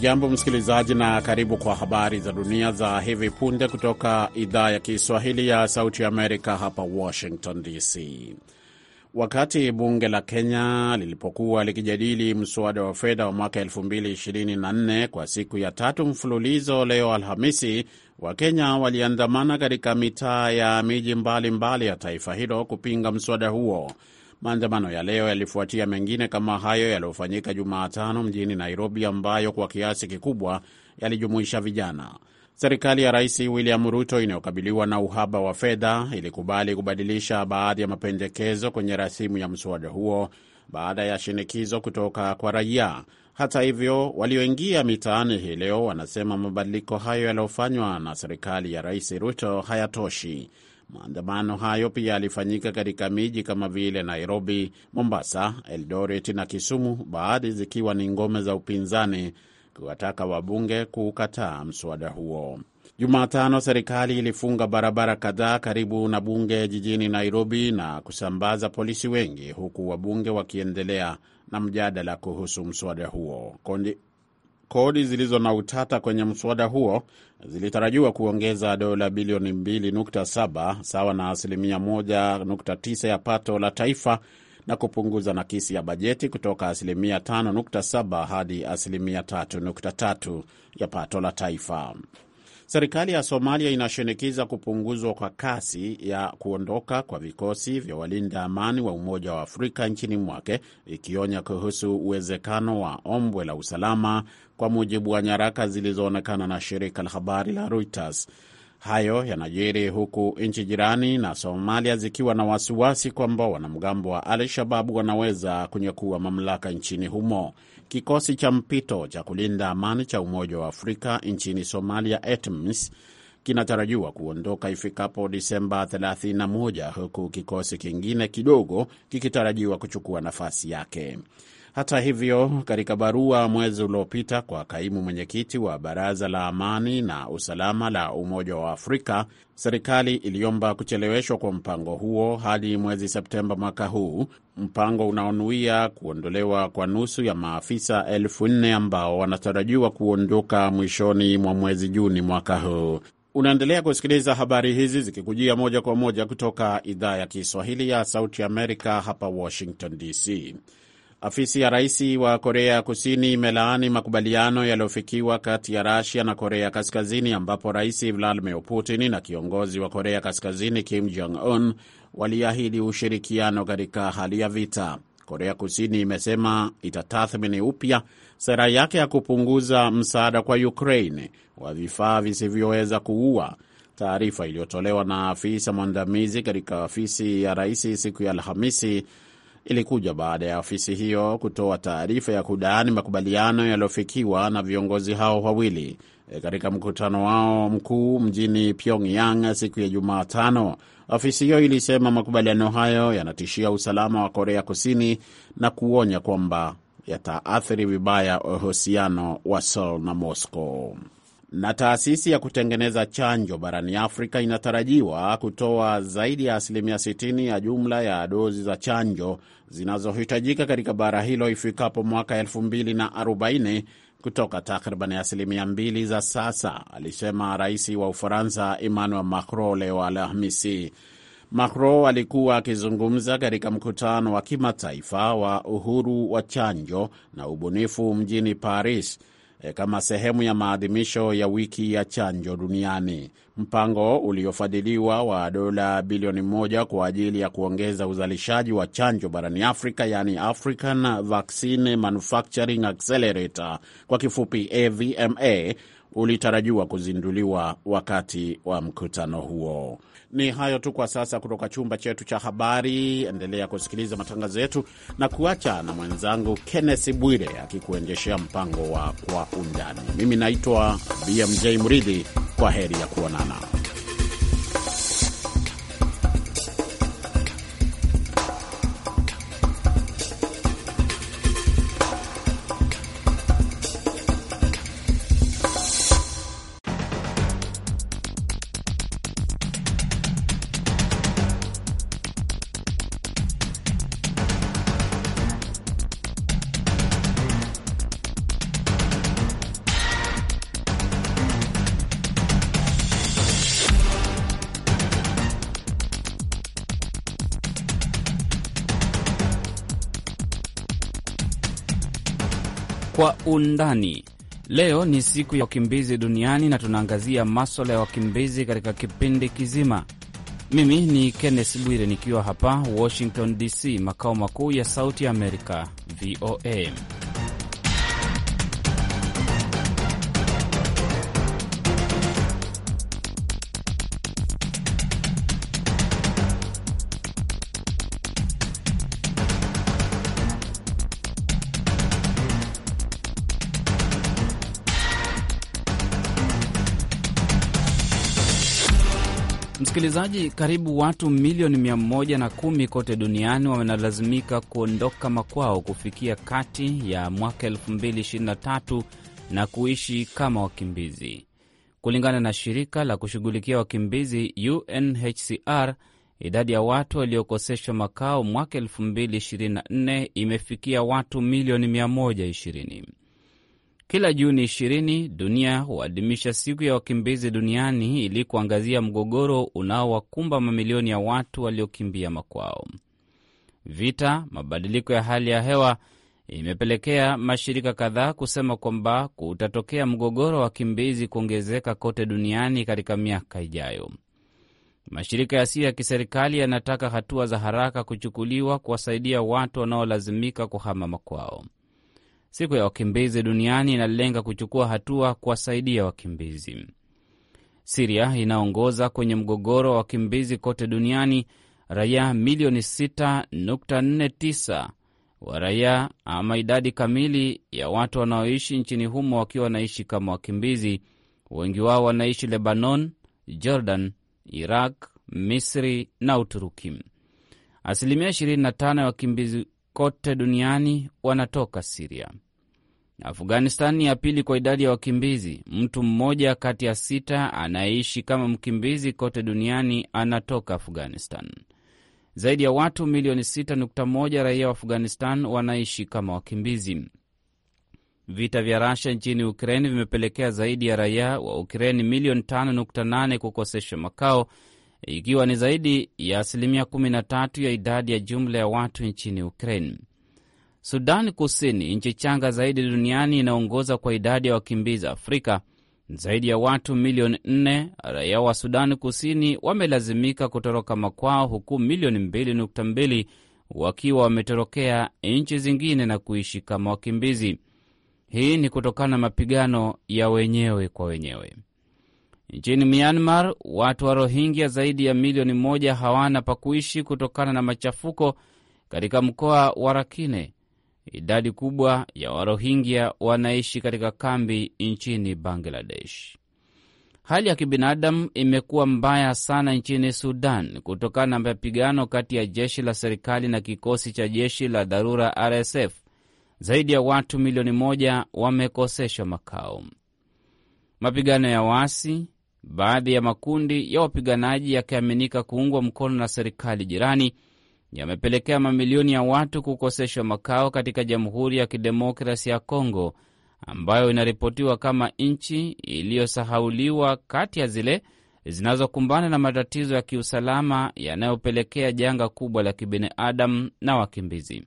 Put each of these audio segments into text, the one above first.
Hujambo msikilizaji, na karibu kwa habari za dunia za hivi punde kutoka idhaa ya Kiswahili ya Sauti ya Amerika, hapa Washington DC. Wakati bunge la Kenya lilipokuwa likijadili mswada wa fedha wa mwaka 2024 kwa siku ya tatu mfululizo leo Alhamisi, Wakenya waliandamana katika mitaa ya miji mbalimbali ya taifa hilo kupinga mswada huo. Maandamano ya leo yalifuatia mengine kama hayo yaliyofanyika Jumatano mjini Nairobi, ambayo kwa kiasi kikubwa yalijumuisha vijana. Serikali ya Rais William Ruto inayokabiliwa na uhaba wa fedha ilikubali kubadilisha baadhi ya mapendekezo kwenye rasimu ya mswada huo baada ya shinikizo kutoka kwa raia. Hata hivyo, walioingia mitaani hii leo wanasema mabadiliko hayo yaliyofanywa na serikali ya Rais Ruto hayatoshi. Maandamano hayo pia yalifanyika katika miji kama vile Nairobi, Mombasa, Eldoret na Kisumu, baadhi zikiwa ni ngome za upinzani kuwataka wabunge kuukataa mswada huo. Jumatano serikali ilifunga barabara kadhaa karibu na bunge jijini Nairobi na kusambaza polisi wengi, huku wabunge wakiendelea na mjadala kuhusu mswada huo kodi zilizo na utata kwenye mswada huo zilitarajiwa kuongeza dola bilioni 2.7 sawa na asilimia 1.9 ya pato la taifa na kupunguza nakisi ya bajeti kutoka asilimia 5.7 hadi asilimia 3.3 ya pato la taifa. Serikali ya Somalia inashinikiza kupunguzwa kwa kasi ya kuondoka kwa vikosi vya walinda amani wa Umoja wa Afrika nchini mwake, ikionya kuhusu uwezekano wa ombwe la usalama, kwa mujibu wa nyaraka zilizoonekana na shirika la habari la Reuters. Hayo yanajiri huku nchi jirani na Somalia zikiwa na wasiwasi kwamba wanamgambo wa Al Shababu wanaweza kunyakua mamlaka nchini humo. Kikosi cha mpito cha kulinda amani cha Umoja wa Afrika nchini Somalia, ATMIS, e kinatarajiwa kuondoka ifikapo Disemba 31 huku kikosi kingine kidogo kikitarajiwa kuchukua nafasi yake. Hata hivyo, katika barua mwezi uliopita kwa kaimu mwenyekiti wa Baraza la Amani na Usalama la Umoja wa Afrika, serikali iliomba kucheleweshwa kwa mpango huo hadi mwezi Septemba mwaka huu, mpango unaonuia kuondolewa kwa nusu ya maafisa elfu nne ambao wanatarajiwa kuondoka mwishoni mwa mwezi Juni mwaka huu. Unaendelea kusikiliza habari hizi zikikujia moja kwa moja kutoka idhaa ya Kiswahili ya Sauti Amerika hapa Washington DC. Afisi ya rais wa Korea Kusini imelaani makubaliano yaliyofikiwa kati ya Rasia na Korea Kaskazini, ambapo rais Vladimir Putin na kiongozi wa Korea Kaskazini Kim Jong Un waliahidi ushirikiano katika hali ya vita. Korea Kusini imesema itatathmini upya sera yake ya kupunguza msaada kwa Ukraine wa vifaa visivyoweza kuua. Taarifa iliyotolewa na afisa mwandamizi katika afisi ya rais siku ya Alhamisi ilikuja baada ya ofisi hiyo kutoa taarifa ya kudaani makubaliano yaliyofikiwa na viongozi hao wawili e, katika mkutano wao mkuu mjini Pyongyang siku ya Jumatano. Ofisi hiyo ilisema makubaliano hayo yanatishia usalama wa Korea Kusini na kuonya kwamba yataathiri vibaya uhusiano wa Seoul na Moscow na taasisi ya kutengeneza chanjo barani Afrika inatarajiwa kutoa zaidi ya asilimia 60 ya jumla ya dozi za chanjo zinazohitajika katika bara hilo ifikapo mwaka 2040 kutoka takriban asilimia 2 za sasa, alisema rais wa Ufaransa Emmanuel Macron leo Alhamisi. Macron alikuwa akizungumza katika mkutano wa kimataifa wa uhuru wa chanjo na ubunifu mjini Paris E, kama sehemu ya maadhimisho ya wiki ya chanjo duniani. Mpango uliofadhiliwa wa dola bilioni moja kwa ajili ya kuongeza uzalishaji wa chanjo barani Afrika, yani African Vaccine Manufacturing Accelerator, kwa kifupi AVMA, ulitarajiwa kuzinduliwa wakati wa mkutano huo. Ni hayo tu kwa sasa kutoka chumba chetu cha habari. Endelea kusikiliza matangazo yetu na kuacha na mwenzangu Kenneth Bwire akikuendeshea mpango wa Kwa Undani. Mimi naitwa BMJ Mridhi, kwa heri ya kuonana. undani. Leo ni siku ya wakimbizi duniani na tunaangazia maswala ya wakimbizi katika kipindi kizima. Mimi ni kennes Bwire nikiwa hapa Washington DC, makao makuu ya Sauti Amerika, VOA. Msikilizaji, karibu watu milioni 110 kote duniani wanalazimika kuondoka makwao kufikia kati ya mwaka 2023 na kuishi kama wakimbizi, kulingana na shirika la kushughulikia wakimbizi UNHCR. Idadi ya watu waliokoseshwa makao mwaka 2024 imefikia watu milioni 120. Kila Juni 20 dunia huadhimisha siku ya wakimbizi duniani ili kuangazia mgogoro unaowakumba mamilioni ya watu waliokimbia makwao. Vita, mabadiliko ya hali ya hewa imepelekea mashirika kadhaa kusema kwamba kutatokea mgogoro wa wakimbizi kuongezeka kote duniani katika miaka ijayo. Mashirika yasiyo ya kiserikali yanataka hatua za haraka kuchukuliwa kuwasaidia watu wanaolazimika kuhama makwao. Siku ya wakimbizi duniani inalenga kuchukua hatua kuwasaidia wakimbizi. Siria inaongoza kwenye mgogoro wa wakimbizi kote duniani. Raia milioni 6.49 wa raia ama idadi kamili ya watu wanaoishi nchini humo wakiwa wanaishi kama wakimbizi. Wengi wao wanaishi Lebanon, Jordan, Iraq, Misri na Uturuki. Asilimia 25 ya wakimbizi kote duniani wanatoka Siria. Afghanistan ni ya pili kwa idadi ya wakimbizi. Mtu mmoja kati ya sita anayeishi kama mkimbizi kote duniani anatoka Afghanistan. Zaidi ya watu milioni 6.1 raia wa Afghanistan wanaishi kama wakimbizi. Vita vya Rasha nchini Ukraini vimepelekea zaidi ya raia wa Ukraini milioni 5.8 kukosesha makao ikiwa ni zaidi ya asilimia 13 ya idadi ya jumla ya watu nchini Ukraine. Sudan Kusini, nchi changa zaidi duniani, inaongoza kwa idadi ya wakimbizi Afrika. Zaidi ya watu milioni 4 raia wa sudani Kusini wamelazimika kutoroka makwao, huku milioni 2.2 wakiwa wametorokea nchi zingine na kuishi kama wakimbizi. Hii ni kutokana na mapigano ya wenyewe kwa wenyewe. Nchini Myanmar, watu wa Rohingya zaidi ya milioni moja hawana pa kuishi kutokana na machafuko katika mkoa wa Rakhine. Idadi kubwa ya Warohingya wanaishi katika kambi nchini Bangladesh. Hali ya kibinadamu imekuwa mbaya sana nchini Sudan kutokana na mapigano kati ya jeshi la serikali na kikosi cha jeshi la dharura RSF. Zaidi ya watu milioni moja wamekoseshwa makao. Mapigano ya waasi Baadhi ya makundi ya wapiganaji yakiaminika kuungwa mkono na serikali jirani yamepelekea mamilioni ya watu kukoseshwa makao katika Jamhuri ya Kidemokrasi ya Kongo ambayo inaripotiwa kama nchi iliyosahauliwa kati ya zile zinazokumbana na matatizo ya kiusalama yanayopelekea janga kubwa la kibinadamu na wakimbizi.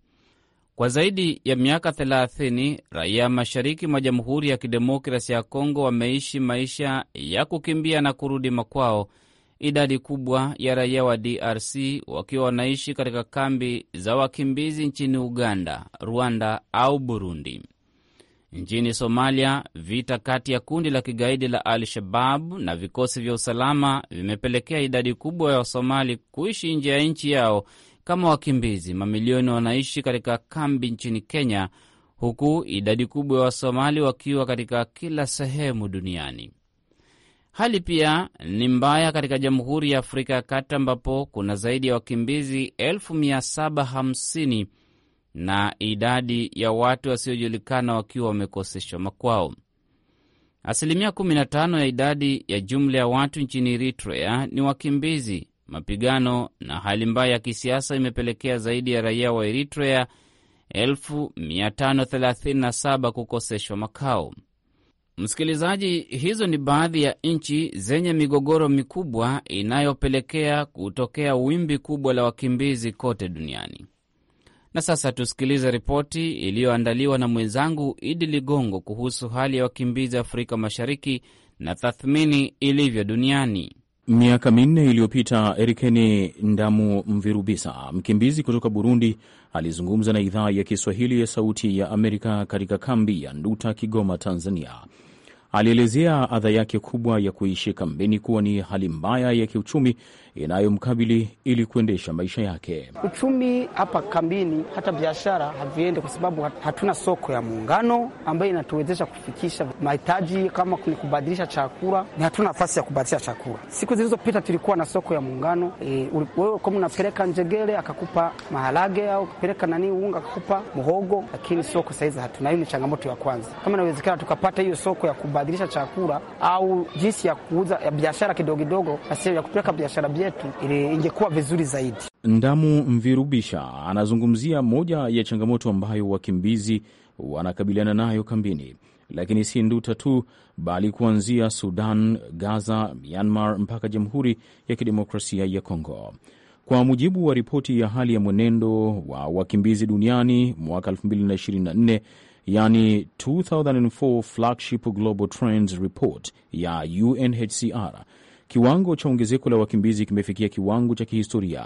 Kwa zaidi ya miaka 30 raia mashariki mwa Jamhuri ya Kidemokrasi ya Kongo wameishi maisha ya kukimbia na kurudi makwao, idadi kubwa ya raia wa DRC wakiwa wanaishi katika kambi za wakimbizi nchini Uganda, Rwanda au Burundi. Nchini Somalia, vita kati ya kundi la kigaidi la Al-Shabab na vikosi vya usalama vimepelekea idadi kubwa ya Wasomali kuishi nje ya nchi yao kama wakimbizi. Mamilioni wanaishi katika kambi nchini Kenya, huku idadi kubwa ya Wasomali wakiwa katika kila sehemu duniani. Hali pia ni mbaya katika Jamhuri ya Afrika ya Kati, ambapo kuna zaidi ya wakimbizi 750,000 na idadi ya watu wasiojulikana wakiwa wamekoseshwa makwao. Asilimia 15 ya idadi ya jumla ya watu nchini Eritrea ni wakimbizi Mapigano na hali mbaya ya kisiasa imepelekea zaidi ya raia wa Eritrea 537 kukoseshwa makao. Msikilizaji, hizo ni baadhi ya nchi zenye migogoro mikubwa inayopelekea kutokea wimbi kubwa la wakimbizi kote duniani. Na sasa tusikilize ripoti iliyoandaliwa na mwenzangu Idi Ligongo kuhusu hali ya wakimbizi Afrika Mashariki na tathmini ilivyo duniani. Miaka minne iliyopita Erikeni Ndamu Mvirubisa, mkimbizi kutoka Burundi, alizungumza na idhaa ya Kiswahili ya Sauti ya Amerika katika kambi ya Nduta, Kigoma, Tanzania. Alielezea adha yake kubwa ya kuishi kambini kuwa ni hali mbaya ya kiuchumi inayomkabili ili kuendesha maisha yake. Uchumi hapa kambini, hata biashara haviendi kwa sababu hatuna soko ya muungano ambayo inatuwezesha kufikisha mahitaji kama ni kubadilisha chakula, ni hatuna nafasi ya kubadilisha chakula. Siku zilizopita tulikuwa na soko ya muungano e, wewe kama unapeleka njegele akakupa maharage au kupeleka nani unga akakupa mhogo, lakini soko saizi hatuna. Hiyo ni changamoto ya kwanza. Kama inawezekana tukapata hiyo soko ya kubadilisha chakula au jinsi ya kuuza biashara kidogo kidogo, basi ya kupeleka biashara yetu ili ingekuwa vizuri zaidi. Ndamu Mvirubisha anazungumzia moja ya changamoto ambayo wakimbizi wanakabiliana nayo kambini, lakini si Nduta tu, bali kuanzia Sudan, Gaza, Myanmar mpaka Jamhuri ya Kidemokrasia ya Kongo. Kwa mujibu wa ripoti ya hali ya mwenendo wa wakimbizi duniani mwaka 2024 yani 2004 Flagship Global Trends Report ya UNHCR, Kiwango cha ongezeko la wakimbizi kimefikia kiwango cha kihistoria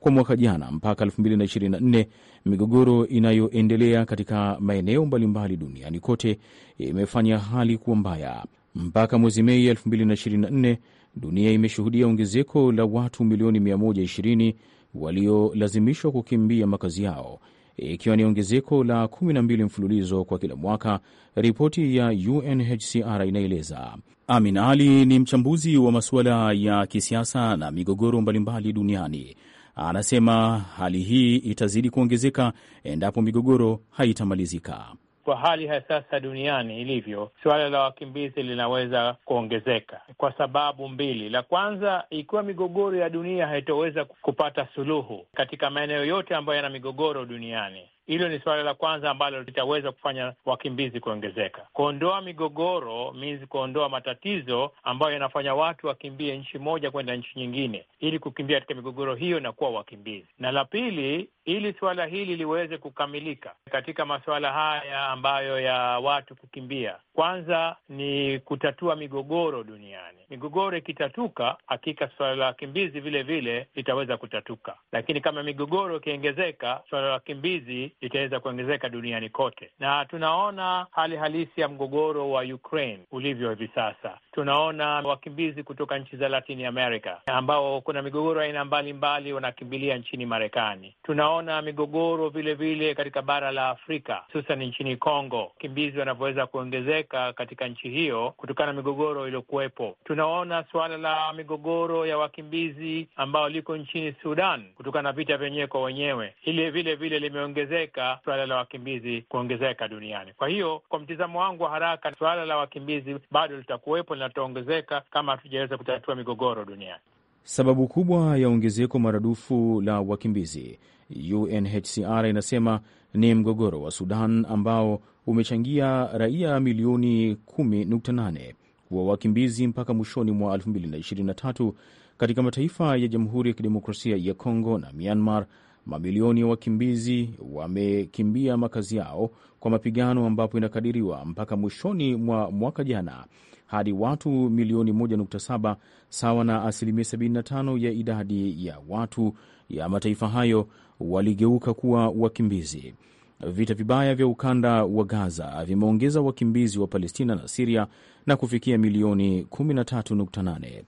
kwa mwaka jana mpaka 2024. Migogoro inayoendelea katika maeneo mbalimbali duniani kote imefanya hali kuwa mbaya. Mpaka mwezi Mei 2024, dunia imeshuhudia ongezeko la watu milioni 120 waliolazimishwa kukimbia makazi yao ikiwa ni ongezeko la 12 mfululizo kwa kila mwaka, ripoti ya UNHCR inaeleza. Amin Ali ni mchambuzi wa masuala ya kisiasa na migogoro mbalimbali duniani. Anasema hali hii itazidi kuongezeka endapo migogoro haitamalizika kwa hali ya sasa duniani ilivyo, suala la wakimbizi linaweza kuongezeka kwa sababu mbili. La kwanza, ikiwa migogoro ya dunia haitoweza kupata suluhu katika maeneo yote ambayo yana migogoro duniani, hilo ni suala la kwanza ambalo litaweza kufanya wakimbizi kuongezeka. Kuondoa migogoro means kuondoa matatizo ambayo yanafanya watu wakimbie nchi moja kwenda nchi nyingine, ili kukimbia katika migogoro hiyo na kuwa wakimbizi. Na la pili, ili suala hili liweze kukamilika katika masuala haya ambayo ya watu kukimbia, kwanza ni kutatua migogoro duniani. Migogoro ikitatuka, hakika suala la wakimbizi vile vile litaweza kutatuka, lakini kama migogoro ikiongezeka, suala la wakimbizi itaweza kuongezeka duniani kote, na tunaona hali halisi ya mgogoro wa Ukraine ulivyo hivi sasa. Tunaona wakimbizi kutoka nchi za Latin America ambao kuna migogoro aina mbalimbali, wanakimbilia nchini Marekani. Tunaona migogoro vilevile vile katika bara la Afrika, hususan nchini Kongo, wakimbizi wanavyoweza kuongezeka katika nchi hiyo kutokana na migogoro iliyokuwepo. Tunaona suala la migogoro ya wakimbizi ambao liko nchini Sudan kutokana na vita vyenyewe kwa wenyewe, ile vile vile limeongezeka kuongezeka suala la wakimbizi kuongezeka duniani. Kwa hiyo kwa mtizamo wangu wa haraka, suala la wakimbizi bado litakuwepo, linataongezeka kama hatujaweza kutatua migogoro duniani. Sababu kubwa ya ongezeko maradufu la wakimbizi, UNHCR inasema ni mgogoro wa Sudan ambao umechangia raia milioni 10.8 wa wakimbizi mpaka mwishoni mwa 2023 katika mataifa ya Jamhuri ya Kidemokrasia ya Kongo na Myanmar Mamilioni ya wakimbizi wamekimbia makazi yao kwa mapigano, ambapo inakadiriwa mpaka mwishoni mwa mwaka jana hadi watu milioni 1.7 sawa na asilimia 75 ya idadi ya watu ya mataifa hayo waligeuka kuwa wakimbizi. Vita vibaya vya ukanda wa Gaza vimeongeza wakimbizi wa Palestina na Siria na kufikia milioni 13.8.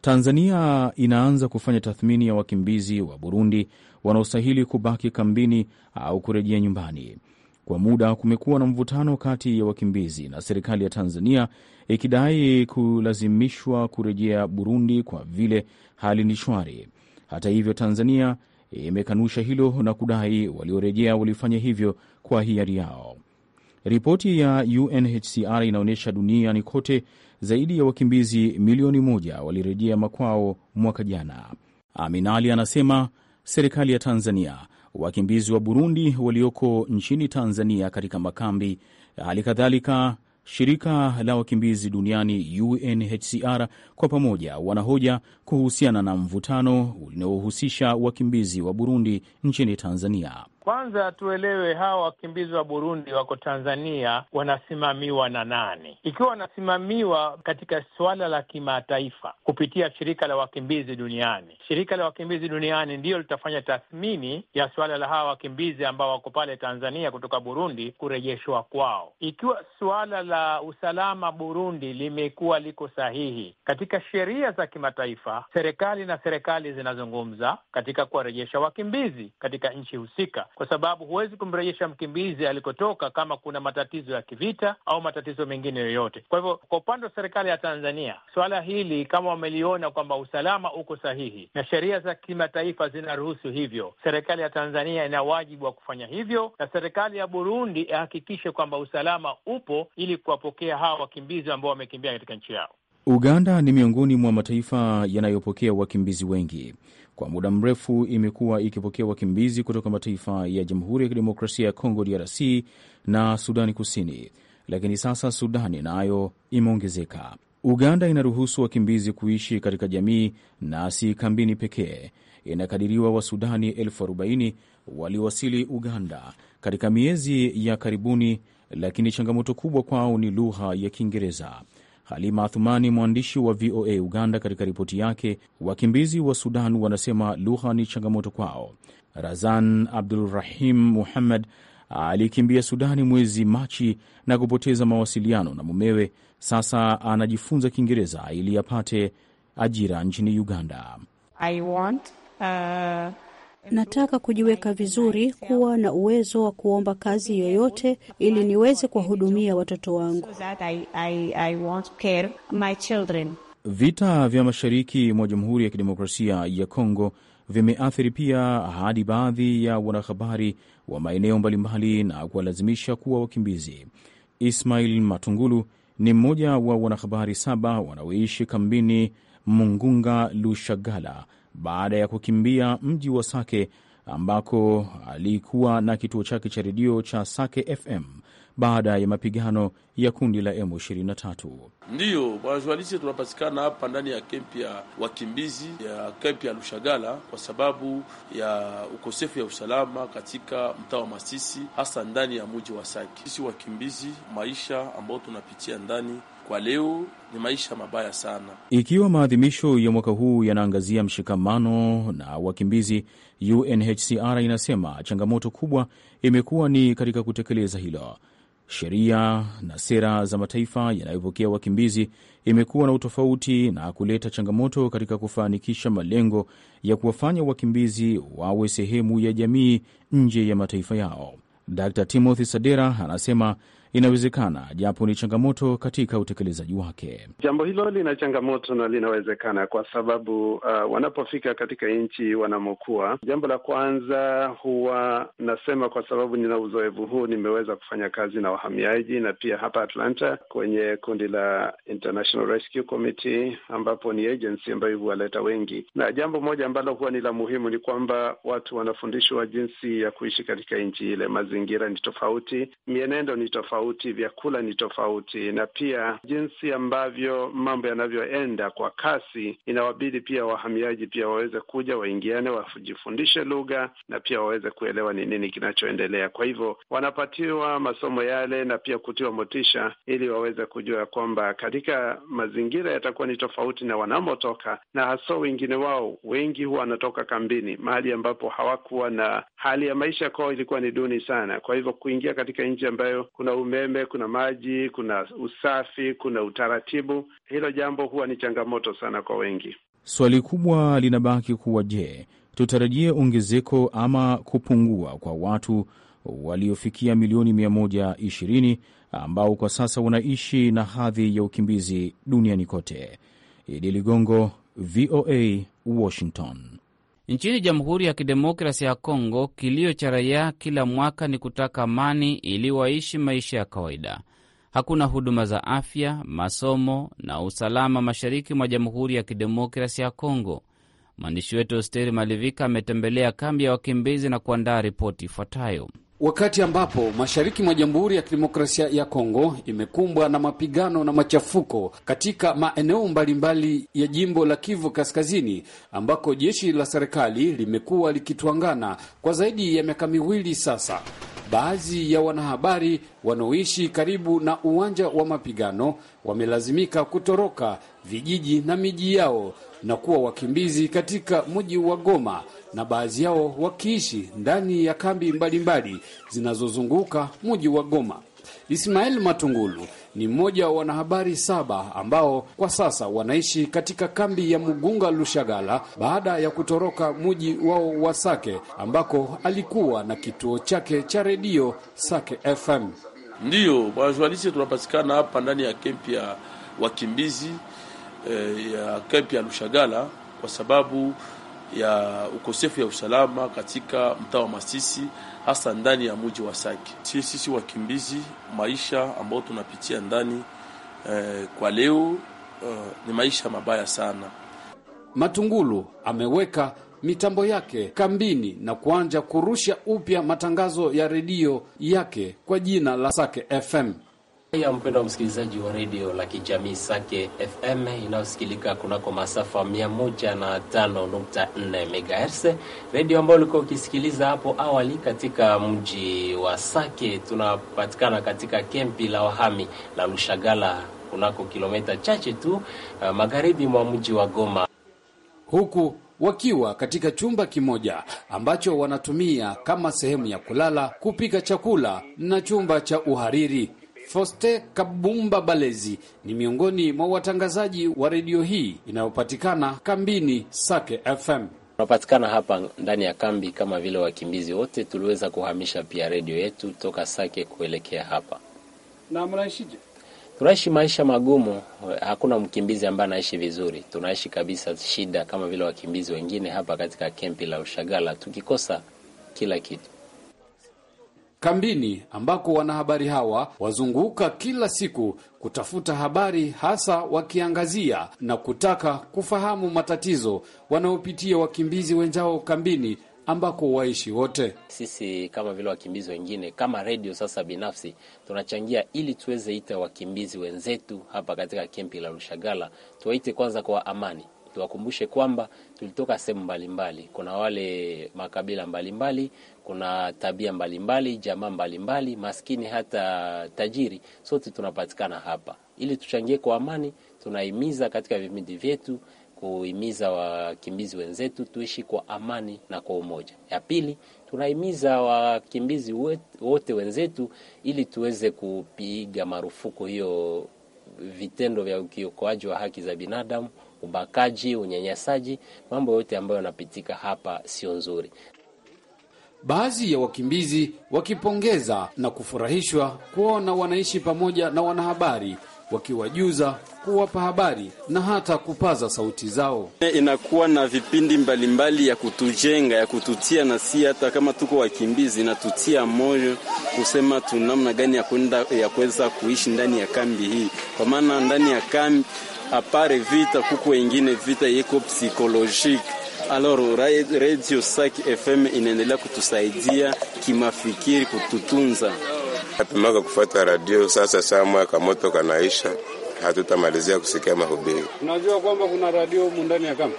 Tanzania inaanza kufanya tathmini ya wakimbizi wa Burundi wanaostahili kubaki kambini au kurejea nyumbani. Kwa muda kumekuwa na mvutano kati ya wakimbizi na serikali ya Tanzania ikidai kulazimishwa kurejea Burundi kwa vile hali ni shwari. Hata hivyo, Tanzania imekanusha hilo na kudai waliorejea walifanya hivyo kwa hiari yao. Ripoti ya UNHCR inaonyesha duniani kote zaidi ya wakimbizi milioni moja walirejea makwao mwaka jana. Aminali anasema serikali ya Tanzania, wakimbizi wa Burundi walioko nchini Tanzania katika makambi, hali kadhalika shirika la wakimbizi duniani UNHCR kwa pamoja wanahoja kuhusiana na mvutano unaohusisha wakimbizi wa Burundi nchini Tanzania. Kwanza tuelewe hawa wakimbizi wa Burundi wako Tanzania wanasimamiwa na nani? Ikiwa wanasimamiwa katika suala la kimataifa kupitia shirika la wakimbizi duniani, shirika la wakimbizi duniani ndiyo litafanya tathmini ya suala la hawa wakimbizi ambao wako pale Tanzania kutoka Burundi kurejeshwa kwao. Ikiwa suala la usalama Burundi limekuwa liko sahihi katika sheria za kimataifa, serikali na serikali zinazungumza katika kuwarejesha wakimbizi katika nchi husika kwa sababu huwezi kumrejesha mkimbizi alikotoka kama kuna matatizo ya kivita au matatizo mengine yoyote. Kwa hivyo, kwa upande wa serikali ya Tanzania, suala hili kama wameliona kwamba usalama uko sahihi na sheria za kimataifa zinaruhusu hivyo, serikali ya Tanzania ina wajibu wa kufanya hivyo, na serikali ya Burundi ihakikishe kwamba usalama upo ili kuwapokea hawa wakimbizi ambao wamekimbia katika nchi yao. Uganda ni miongoni mwa mataifa yanayopokea wakimbizi wengi kwa muda mrefu imekuwa ikipokea wakimbizi kutoka mataifa ya Jamhuri ya Kidemokrasia ya Kongo DRC na Sudani Kusini, lakini sasa Sudani nayo imeongezeka. Uganda inaruhusu wakimbizi kuishi katika jamii na si kambini pekee. Inakadiriwa Wasudani elfu arobaini waliwasili Uganda katika miezi ya karibuni, lakini changamoto kubwa kwao ni lugha ya Kiingereza. Halima Athumani, mwandishi wa VOA Uganda, katika ripoti yake. Wakimbizi wa Sudan wanasema lugha ni changamoto kwao. Razan Abdulrahim Muhammad alikimbia Sudani mwezi Machi na kupoteza mawasiliano na mumewe. Sasa anajifunza Kiingereza ili apate ajira nchini Uganda. I want, uh... Nataka kujiweka vizuri, kuwa na uwezo wa kuomba kazi yoyote ili niweze kuwahudumia watoto wangu. Vita vya mashariki mwa Jamhuri ya Kidemokrasia ya Kongo vimeathiri pia hadi baadhi ya wanahabari wa maeneo mbalimbali na kuwalazimisha kuwa wakimbizi. Ismail Matungulu ni mmoja wa wanahabari saba wanaoishi kambini Mungunga Lushagala baada ya kukimbia mji wa Sake ambako alikuwa na kituo chake cha redio cha Sake FM baada ya mapigano ya kundi la M23. Ndiyo wanajournalisti, tunapatikana hapa ndani ya kempi ya wakimbizi ya kempi ya Lushagala kwa sababu ya ukosefu ya usalama katika mtaa wa Masisi, hasa ndani ya muji wa Sake. Sisi wakimbizi, maisha ambayo tunapitia ndani kwa leo ni maisha mabaya sana. Ikiwa maadhimisho ya mwaka huu yanaangazia mshikamano na wakimbizi, UNHCR inasema changamoto kubwa imekuwa ni katika kutekeleza hilo. Sheria na sera za mataifa yanayopokea wakimbizi imekuwa na utofauti na kuleta changamoto katika kufanikisha malengo ya kuwafanya wakimbizi wawe sehemu ya jamii nje ya mataifa yao. Dr Timothy Sadera anasema inawezekana, japo ni changamoto katika utekelezaji wake. Jambo hilo lina changamoto na linawezekana kwa sababu uh, wanapofika katika nchi wanamokuwa, jambo la kwanza huwa nasema, kwa sababu nina uzoefu huu, nimeweza kufanya kazi na wahamiaji na pia hapa Atlanta kwenye kundi la International Rescue Committee, ambapo ni agency ambayo huwaleta wengi, na jambo moja ambalo huwa ni la muhimu ni kwamba watu wanafundishwa jinsi ya kuishi katika nchi ile. Mazingira ni tofauti, mienendo ni tofauti tofauti, vyakula ni tofauti, na pia jinsi ambavyo mambo yanavyoenda kwa kasi inawabidi pia wahamiaji pia waweze kuja waingiane, wajifundishe lugha na pia waweze kuelewa ni nini kinachoendelea. Kwa hivyo wanapatiwa masomo yale na pia kutiwa motisha, ili waweze kujua kwamba katika mazingira yatakuwa ni tofauti na wanamotoka, na haswa wengine wao wengi huwa wanatoka kambini, mahali ambapo hawakuwa na hali ya maisha kwao ilikuwa ni duni sana. Kwa hivyo kuingia katika nchi ambayo kuna umeme, kuna maji, kuna usafi, kuna utaratibu. Hilo jambo huwa ni changamoto sana kwa wengi. Swali kubwa linabaki kuwa je, tutarajie ongezeko ama kupungua kwa watu waliofikia milioni 120 ambao kwa sasa wanaishi na hadhi ya ukimbizi duniani kote. Idi Ligongo, VOA, Washington. Nchini Jamhuri ya Kidemokrasia ya Kongo, kilio cha raia kila mwaka ni kutaka amani ili waishi maisha ya kawaida. Hakuna huduma za afya, masomo na usalama mashariki mwa Jamhuri ya Kidemokrasia ya Kongo. Mwandishi wetu Hosteri Malivika ametembelea kambi ya wakimbizi na kuandaa ripoti ifuatayo wakati ambapo mashariki mwa Jamhuri ya Kidemokrasia ya Kongo imekumbwa na mapigano na machafuko katika maeneo mbalimbali ya jimbo la Kivu Kaskazini, ambako jeshi la serikali limekuwa likitwangana kwa zaidi ya miaka miwili sasa. Baadhi ya wanahabari wanaoishi karibu na uwanja wa mapigano wamelazimika kutoroka vijiji na miji yao na kuwa wakimbizi katika mji wa Goma na baadhi yao wakiishi ndani ya kambi mbalimbali zinazozunguka mji wa Goma. Ismail Matungulu ni mmoja wa wanahabari saba ambao kwa sasa wanaishi katika kambi ya Mugunga Lushagala baada ya kutoroka mji wao wa Sake ambako alikuwa na kituo chake cha redio Sake FM. Ndiyo wazualisi tunapatikana hapa ndani ya kempi ya wakimbizi eh, ya kampi ya Lushagala kwa sababu ya ukosefu ya usalama katika mtaa wa Masisi hasa ndani ya mji wa Sake. Si sisi wakimbizi, maisha ambayo tunapitia ndani eh, kwa leo eh, ni maisha mabaya sana. Matungulu ameweka mitambo yake kambini na kuanja kurusha upya matangazo ya redio yake kwa jina la Sake FM ya mpendo wa msikilizaji wa redio la kijamii Sake FM inayosikilika kunako masafa 105.4 MHz, redio ambayo ulikuwa ukisikiliza hapo awali katika mji wa Sake. Tunapatikana katika kempi la wahami la Lushagala kunako kilomita chache tu uh, magharibi mwa mji wa Goma huku wakiwa katika chumba kimoja ambacho wanatumia kama sehemu ya kulala, kupika chakula na chumba cha uhariri. Foste Kabumba Balezi ni miongoni mwa watangazaji wa redio hii inayopatikana kambini Sake FM. Tunapatikana hapa ndani ya kambi kama vile wakimbizi wote, tuliweza kuhamisha pia redio yetu toka Sake kuelekea hapa. Na mnaishije? Tunaishi maisha magumu, hakuna mkimbizi ambaye anaishi vizuri. Tunaishi kabisa shida kama vile wakimbizi wengine hapa katika kempi la Ushagala, tukikosa kila kitu kambini ambako wanahabari hawa wazunguka kila siku kutafuta habari, hasa wakiangazia na kutaka kufahamu matatizo wanaopitia wakimbizi wenzao kambini ambako waishi wote. Sisi kama vile wakimbizi wengine, kama redio sasa binafsi tunachangia ili tuweze ita wakimbizi wenzetu hapa katika kempi la Lushagala, tuwaite kwanza kwa amani Tuwakumbushe kwamba tulitoka sehemu mbalimbali, kuna wale makabila mbalimbali mbali, kuna tabia mbalimbali, jamaa mbalimbali, maskini hata tajiri, sote tunapatikana hapa ili tuchangie kwa amani. Tunahimiza katika vipindi vyetu kuhimiza wakimbizi wenzetu tuishi kwa amani na kwa umoja. Ya pili, tunahimiza wakimbizi wote wenzetu ili tuweze kupiga marufuku hiyo vitendo vya ukiukoaji wa haki za binadamu ubakaji, unyanyasaji, mambo yote ambayo yanapitika hapa sio nzuri. Baadhi ya wakimbizi wakipongeza na kufurahishwa kuona wanaishi pamoja na wanahabari wakiwajuza kuwapa habari na hata kupaza sauti zao. Inakuwa na vipindi mbalimbali mbali ya kutujenga ya kututia, na si hata kama tuko wakimbizi, inatutia moyo kusema tu namna gani ya kwenda ya kuweza kuishi ndani ya kambi hii, kwa maana ndani ya kambi apare vita kuku wengine vita yeko psikolojiki. Alors Radio Sac FM inaendelea kutusaidia kimafikiri, kututunza napimaka kufuata radio. Sasa saa mwaka moto kanaisha, hatutamalizia kusikia mahubiri. Unajua kwamba kuna radio mundani ya kama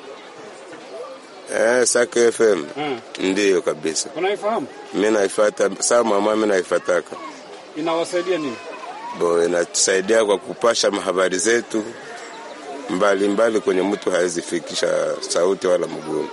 Eh, Sak FM eh. ndiyo kabisa. Unaifahamu? Mimi naifuata saa mama, mimi naifuataka. Inawasaidia nini? Bo, inatusaidia kwa kupasha habari zetu mbalimbali mbali kwenye mtu hawezifikisha fikisha sauti wala mgumu.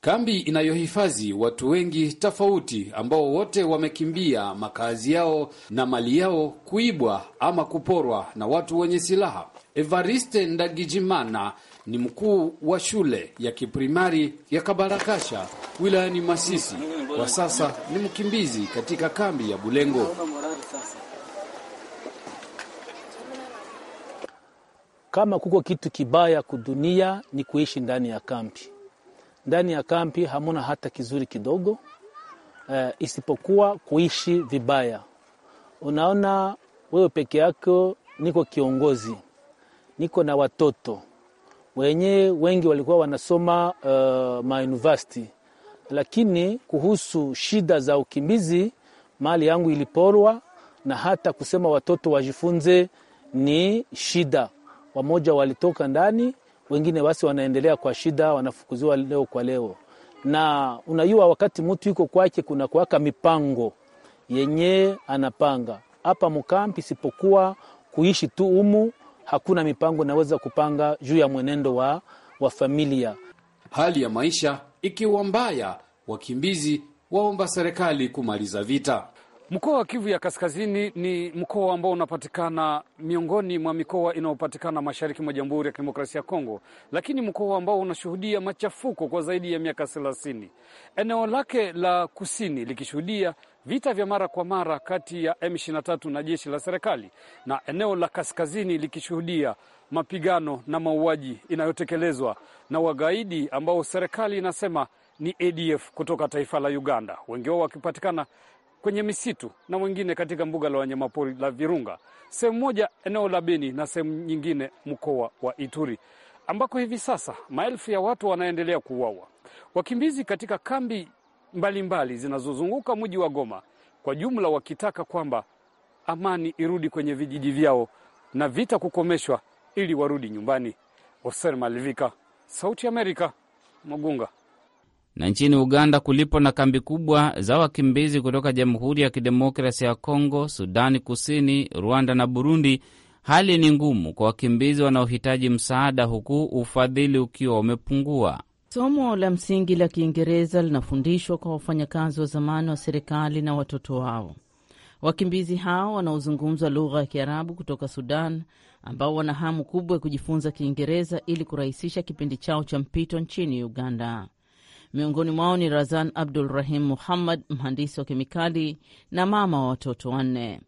Kambi inayohifadhi watu wengi tofauti ambao wote wamekimbia makazi yao na mali yao kuibwa ama kuporwa na watu wenye silaha. Evariste Ndagijimana ni mkuu wa shule ya kiprimari ya Kabarakasha wilayani Masisi. Kwa sasa ni mkimbizi katika kambi ya Bulengo. Kama kuko kitu kibaya kudunia ni kuishi ndani ya kampi. Ndani ya kampi hamuna hata kizuri kidogo, eh, isipokuwa kuishi vibaya. Unaona wewe peke yako, niko kiongozi, niko na watoto wenye wengi walikuwa wanasoma uh, eh, mauniversity, lakini kuhusu shida za ukimbizi mali yangu iliporwa, na hata kusema watoto wajifunze ni shida wamoja walitoka ndani, wengine basi wanaendelea kwa shida, wanafukuziwa leo kwa leo. Na unajua wakati mtu iko kwake, kuna kuwaka mipango yenye anapanga hapa mkampi, isipokuwa kuishi tu umu, hakuna mipango naweza kupanga juu ya mwenendo wa, wa familia. Hali ya maisha ikiwa mbaya, wakimbizi waomba serikali kumaliza vita. Mkoa wa Kivu ya Kaskazini ni mkoa ambao unapatikana miongoni mwa mikoa inayopatikana mashariki mwa Jamhuri ya Kidemokrasia ya Kongo, lakini mkoa ambao unashuhudia machafuko kwa zaidi ya miaka thelathini, eneo lake la kusini likishuhudia vita vya mara kwa mara kati ya M23 na jeshi la serikali, na eneo la kaskazini likishuhudia mapigano na mauaji inayotekelezwa na wagaidi ambao serikali inasema ni ADF kutoka taifa la Uganda, wengi wao wakipatikana kwenye misitu na wengine katika mbuga la wanyamapori la Virunga, sehemu moja eneo la Beni na sehemu nyingine mkoa wa Ituri, ambako hivi sasa maelfu ya watu wanaendelea kuuawa. Wakimbizi katika kambi mbalimbali zinazozunguka mji wa Goma kwa jumla wakitaka kwamba amani irudi kwenye vijiji vyao na vita kukomeshwa ili warudi nyumbani. Oser Malivika, Sauti Amerika, Mugunga na nchini Uganda kulipo na kambi kubwa za wakimbizi kutoka Jamhuri ya Kidemokrasia ya Kongo, Sudani Kusini, Rwanda na Burundi, hali ni ngumu kwa wakimbizi wanaohitaji msaada, huku ufadhili ukiwa umepungua. Somo la msingi la Kiingereza linafundishwa kwa wafanyakazi wa zamani wa serikali na watoto wao. Wakimbizi hao wanaozungumza lugha ya Kiarabu kutoka Sudan, ambao wana hamu kubwa ya kujifunza Kiingereza ili kurahisisha kipindi chao cha mpito nchini Uganda. Miongoni mwao ni Razan Abdul Rahim Muhammad, mhandisi wa kemikali na mama wa watoto wanne.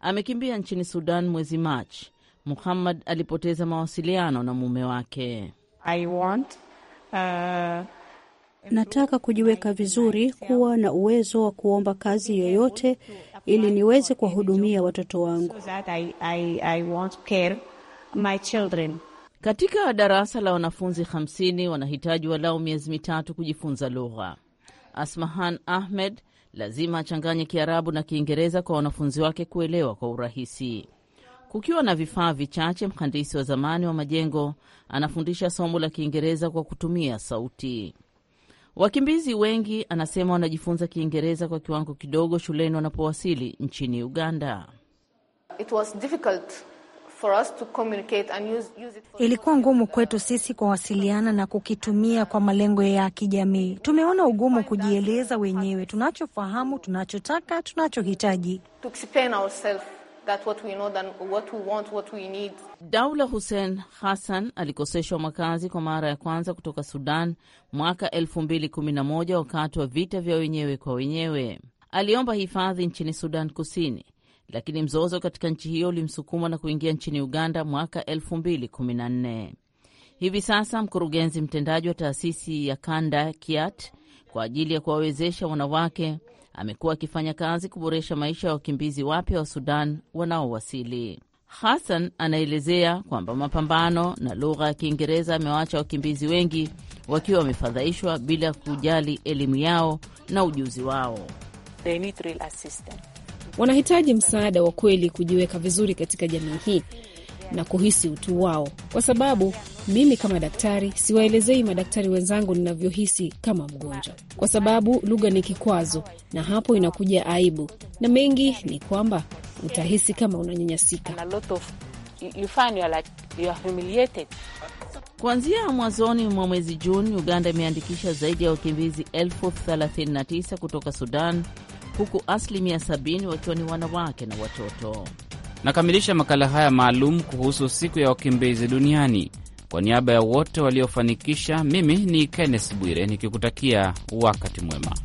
Amekimbia nchini Sudan mwezi Machi. Muhammad alipoteza mawasiliano na mume wake. I want, uh... Nataka kujiweka vizuri, kuwa na uwezo wa kuomba kazi yoyote ili niweze kuwahudumia watoto wangu. Katika darasa la wanafunzi 50 wanahitaji walau miezi mitatu kujifunza lugha. Asmahan Ahmed lazima achanganye Kiarabu na Kiingereza kwa wanafunzi wake kuelewa kwa urahisi. Kukiwa na vifaa vichache, mhandisi wa zamani wa majengo anafundisha somo la Kiingereza kwa kutumia sauti. Wakimbizi wengi, anasema, wanajifunza Kiingereza kwa kiwango kidogo shuleni wanapowasili nchini Uganda. It was difficult for us to communicate and use, use it for... Ilikuwa ngumu kwetu sisi kuwasiliana na kukitumia kwa malengo ya kijamii. Tumeona ugumu kujieleza wenyewe, tunachofahamu, tunachotaka, tunachohitaji. Daula Hussein Hassan alikoseshwa makazi kwa mara ya kwanza kutoka Sudan mwaka 2011 wakati wa vita vya wenyewe kwa wenyewe. Aliomba hifadhi nchini Sudan Kusini lakini mzozo katika nchi hiyo ulimsukuma na kuingia nchini Uganda mwaka 2014. Hivi sasa mkurugenzi mtendaji wa taasisi ya Kanda Kiat kwa ajili ya kuwawezesha wanawake amekuwa akifanya kazi kuboresha maisha ya wakimbizi wapya wa Sudan wanaowasili. Hassan anaelezea kwamba mapambano na lugha ya Kiingereza amewaacha wakimbizi wengi wakiwa wamefadhaishwa bila kujali elimu yao na ujuzi wao. They need real assistance wanahitaji msaada wa kweli kujiweka vizuri katika jamii hii na kuhisi utu wao, kwa sababu mimi kama daktari siwaelezei madaktari wenzangu ninavyohisi kama mgonjwa, kwa sababu lugha ni kikwazo, na hapo inakuja aibu, na mengi ni kwamba utahisi kama unanyanyasika. Kuanzia mwanzoni mwa mwezi Juni, Uganda imeandikisha zaidi ya wakimbizi elfu 39 kutoka Sudan huku asilimia 70 wakiwa ni wanawake na watoto. Nakamilisha makala haya maalum kuhusu siku ya wakimbizi duniani. Kwa niaba ya wote waliofanikisha, mimi ni Kenneth Bwire nikikutakia wakati mwema.